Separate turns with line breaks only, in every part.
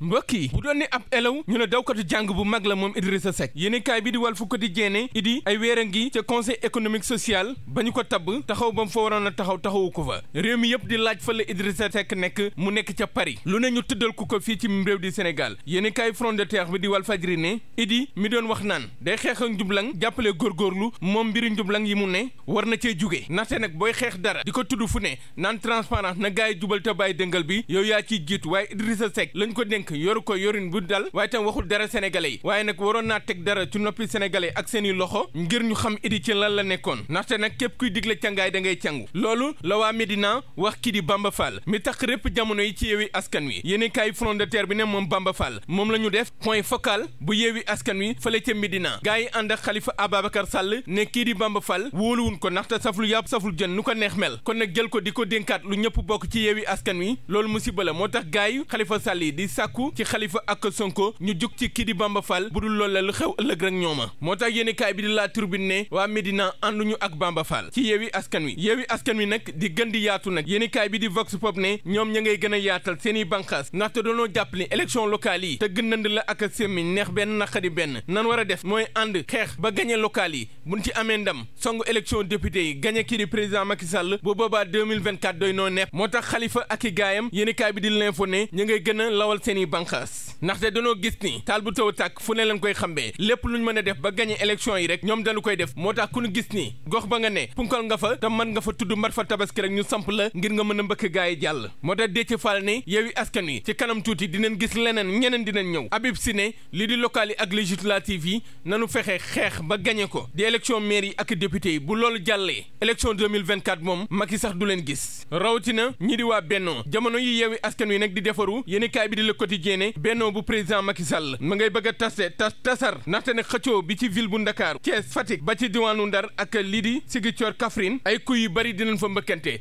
mbokk yi bu doon ni ab elew ñu ne dawkatu jàng bu mag la moom Idrissa Seck yéenekaay bi di wal Walf di ne idi ay weer a ngi ca conseil économique social ba ñu ko tabb taxaw ba mu fa waroon a taxaw taxawu ko fa réew mi yëpp di laaj fa la Idrissa Seck nekk mu nekk ca Paris lu ne ñu tëddal ku ko fii ci réew di Sénégal yéenekaay front de terre bi di Walfadjri ne idi mi doon wax naan day xeex ak njublang góor góorgóorlu moom mbiri njublang yi mu ne war na cee jugee ndaxte nag booy xeex dara di ko tudd fu ne naan transparence na gaay jubal te bàyyi dëngal bi yow yaa ciy jiitu waaye Idrissa Seck lañ ko dénk dénk yoru ko yorin bu dal waaye tam waxul dara sénégalais yi waaye nag waroon naa teg dara ci noppi sénégalais ak seen i loxo ngir ñu xam idi ci lan la nekkoon ndaxte nag képp kuy digle cangaay da cangu loolu la waa wax kii di Bamba Fall mi tax répp jamono yi ci yeewi askan wi yéen kaay front de terre bi ne moom Bamba Fall moom la ñu def point focal bu yeewi askan wi fële ca Médina gars yi ànd ak Khalifa Ababacar Sall ne kii di Bamba Fall wóoluwun ko ndaxte saful yàpp saful jën nu ko neex mel kon nag jël di ko dénkaat lu ñëpp bokk ci yeewi askan wi sàkku ci Khalifa ak Sonko ñu jug ci kii di Bamba Fall bu dul loolu la lu xew ëllëg rek ñooma moo tax yéen bi di la turbine ne waa Médina ànduñu ak Bamba ci yeewi askan wi yeewi askan wi nag di gën di yaatu nag yéen bi di Vox Pop ne ñoom ña ngay a yaatal seen i bànqaas ndaxte doonoo jàpp ni élection locale yi te gënand la ak semmi neex benn naqadi benn nan war a def mooy ànd xeex ba gañe locale yi buñ ci amee ndam songu élection député i gaayam yéen kaay bi di l'info a lawal seen banqaas ndaxte dañoo gis ni taal bu taw tàkk fu ne lañ koy xambee lépp luñ mën a def ba gañe élection yi rek ñoom dañu koy def moo tax ku ñu gis ni gox ba nga ne punkal nga fa te mën nga fa tudd mbar fa tabaski rek ñu samp la ngir nga mën a mbëkk gaa yi jàll moo tax Déthié Fall ne Yewwi Askan Wi ci kanam tuuti dinañ gis leneen ñeneen dinañ ñëw si ne li di local yi ak législative yi nanu fexe xeex ba gagné ko di élection maire yi ak député yi bu loolu jàllee élection 2024 moom Macky sax du leen gis rawatina ñi di waa jamono yi Yewwi Askan Wi nag di defaru yéenekaay bi di Le Quotidien ne Benno coalition bu président Macky Sall ma ngay bëgg a tase tas tasar ndaxte ne xëccoo bi ci ville bu Ndakaaru Thiès Fatick ay kuy yu bëri dinañ fa mbëkkante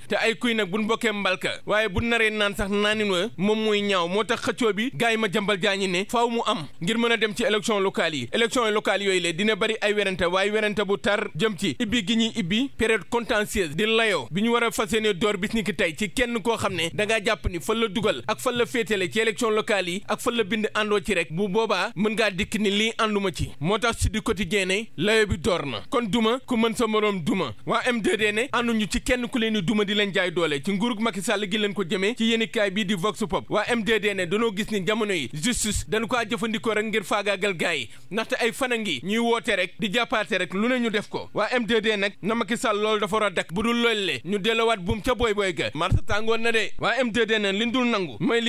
waaye bu naree naan sax naanin wa moom mooy ñaaw moo tax xëccoo bi gars yi ma jambal jaañi ne faaw mu am ngir mën a dem ci élection locale yi élection locale yooyu le dina bëri ay werante waaye werante bu tar jëm ci ibbi gi ñuy ibbi période contentieuse di layoo bi ñu war a fas yéene door bis ni ki tey ci kenn koo xam ne da ngaa jàpp ni fan la dugal ak fan la féetale ci élection locale yi ak fan la bind àndoo ci bu boobaa mën ngaa dikk ni lii ànduma ci moo tax si di quotidien ne layo bi na kon duma ku mën sa moroom duma waa M2D ne ànduñu ci kenn ku leen duma di leen jaay doole ci nguurug Macky Sall gi leen ko jëmee ci yéenekaay bii di Vox Pop waa M2D ne gis ni jamono yi justice dañu ko jëfandikoo rek ngir faagaagal gars yi ndaxte ay fana ngi ñuy woote rek di jàppaate rek lu ne ñu def ko waa m 2 nag na Macky Sall loolu dafa war bu dul loolu le ñu dellowaat buum ca booy booy ga marsa tàngoon na de waa M2D ne li dul nangu mooy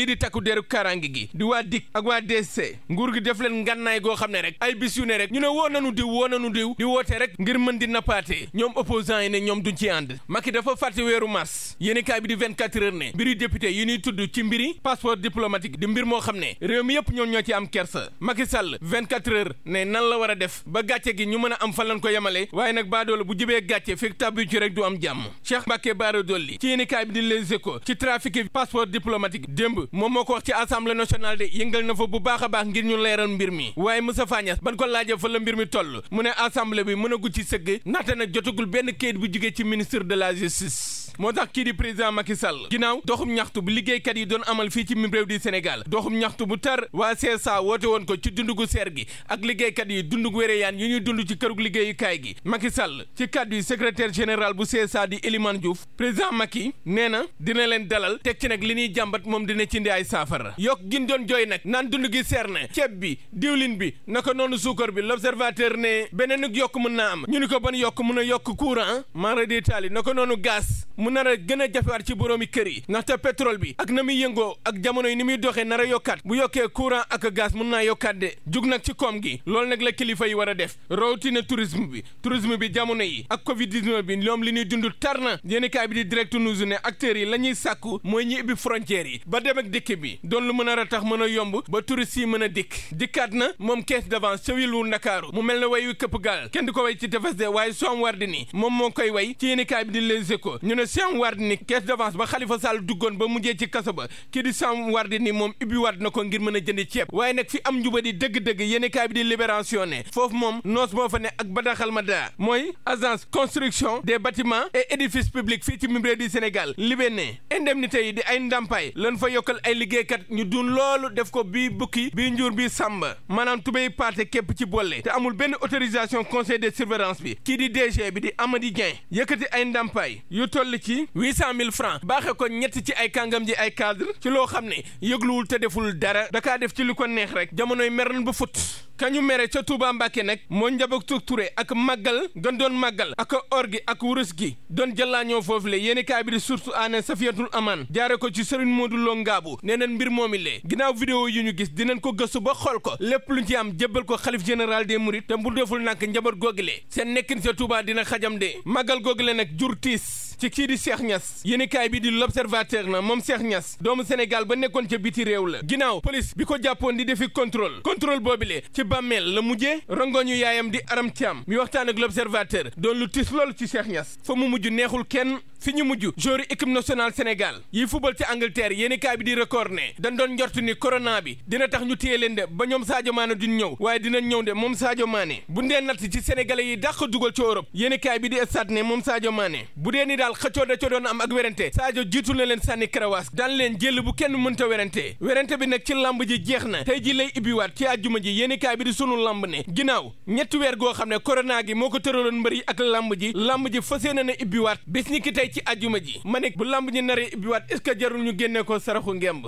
ak waa DSC nguur gi def leen ngànnaay goo xam ne rek ay bis ne rek ñu ne woo nanu diw woo nanu diw di woote rek ngir mën di nappaatee ñoom opposants yi ne ñoom duñ ci ànd Macky dafa fàtte weeru mars yéeni kaay bi di 24 heures ne mbiri député yi ñuy tudd ci mbiri passeport diplomatique di mbir moo xam ne réew mi yëpp ñoom ñoo ci am kersa Macky Sall ne nan la war def ba gàcce gi ñu mën a am fan lañ ko yemale waaye nag baadoolu bu jibee gàcce fekk tàbbi ci rek du am jàmm Cheikh Mbacké Bara na fa bu baax a baax ngir ñu leeral mbir mi waaye Moustapha Niasse ban ko laaja fa la mbir mi toll mu ne assemblée bi mën a ci sëgg naxte na jotagul benn kayit bu jugee ci ministre de la justice moo tax kii di président Macky Sall ginnaaw doxum ñaxtu bu liggéeykat yi doon amal fii ci mim réew di Sénégal doxum ñaxtu bu tar waa CSA woote woon ko ci dund gu seer gi ak liggéeykat yi dund gu wéree yaan yu ñuy dund ci kërug liggéeyukaay gi Macky Sall ci kàddu yi secrétaire général bu CSA di Elimane Diouf président Macky nee na dina leen dalal teg ci nag li ñuy jàmbat moom dina ci ndi ay saafara yokk gin doon jooy nag naan dund gi seer ceeb bi diwlin bi naka noonu suukar bi l'observateur ne beneen yokk mën naa am ñu ni ko ban yokk mën a yokk courant mara di naka noonu gaz mu nar a gën a jafewaat ci boroomi kër yi ndaxte pétrole bi ak na muy yëngoo ak jamono yi ni muy doxee nar a yokkaat bu yokkee courant ak gaz mun naa yokkaat de jug nag ci koom gi loolu nag la kilifa yi war a def rawatina tourisme bi tourisme bi jamono yi ak covid 19 bi ñoom li ñuy dund tar na yéeni kaay bi di direct news ne acteurs yi la ñuy sàkku mooy ñi ibbi frontières yi ba dem ak dikk bi doon lu mën a tax mën a yomb ba touristes yi mën a dikk dikkaat na moom caisse d'avance ca wilu Ndakaaru mu mel ne way wi këpp gaal kenn di ko way ci tefes de waaye soom war di moom moo koy way ci yéeni kaay bi Cheikh Wardini caisse d'avance ba Khalifa Sall duggoon ba mujjee ci kaso ba kii di Cheikh Wardini moom ubbi waat na ko ngir mën a jënd ceeb waaye nag fi am njuba di dëgg-dëgg yéen kaay bi di ne foofu moom noos moo fa ne ak badaxal ma daa mooy agence construction des bâtiments et édifices publics fii ci mimbre du Sénégal libé ne indemnité di ay ndàmpaay lan fa yokkal ay liggéeykat ñu dun loolu def ko bii bukki bii njur bii samba maanaam tubéy paate képp ci bolle te amul benn autorisation conseil de surveillance bi kii di DG bi di Amady Dieng yëkkati ay ndàmpaay yu toll toll ci huit cent mille francs baaxe ko ñett ci ay kàngam ji ay cadre ci loo xam ne yëgluwul te deful dara dakaa def ci li ko neex rek jamonoy mer na ba fut kañu mere ca Touba Mbacke nag moo njabootu Touré ak màggal gan doon màggal ak or gi ak wurus gi doon jëlaañoo foofu le yéeni kaay bi di surtout aane safiyatul amaan jaare ko ci Serigne Modou Lo Ngaabu nee neen mbir moomi lee ginnaaw vidéo yu ñu gis dinañ ko gëstu ba xool ko lépp luñ ci am jébbal ko xalif général des mourides te mbul deful nànk njaboot googilee seen nekkin sa Touba dina xajam de màggal googile nag jur tiis ci kii di Cheikh Niass yéeni kaay bi di l'observateur na moom Cheikh Niass doomu Sénégal ba nekkoon ca biti réew la ginnaaw police bi ko jàppoon di defi contrôle contrôle boobi lee bàmmeel la mujjee rongoñu yaayam di aram Thiam mi waxtaan ak l'observateur doon lu tis loolu ci Cheikh Niass fa mu mujj neexul kenn fi ñu mujj joueur équipe nationale Sénégal yi fubal ci Angleterre yéeni kaay bi di record ne dañ doon njort ni corona bi dina tax ñu téye leen de ba ñoom Sadio Mané duñ ñëw waaye dina ñëw de moom Sadio Mané bu ndee natt ci sénégalais yi dàq dugal ci Europe yéeni kaay bi di stade ne moom Sadio Mané bu dee ni daal xëccoo da ca am ak werante Sadio jiitu na leen sànni karawaas daan leen jël bu kenn mënta werante werante bi nag ci lamb ji jeex na tey ji lay ibbiwaat ci àjjuma ji yéeni kaay bi di sunu lamb ne ginnaaw ñetti weer goo xam ne corona moo ko tëraloon mbër yi ak lamb ji lamb ji fas yéene na ibbiwaat bis tey ci ajuma ji ma ne bu lamb ñi nare ubbiwaat est-ce que jarul ñu génne ko saraxu ngemb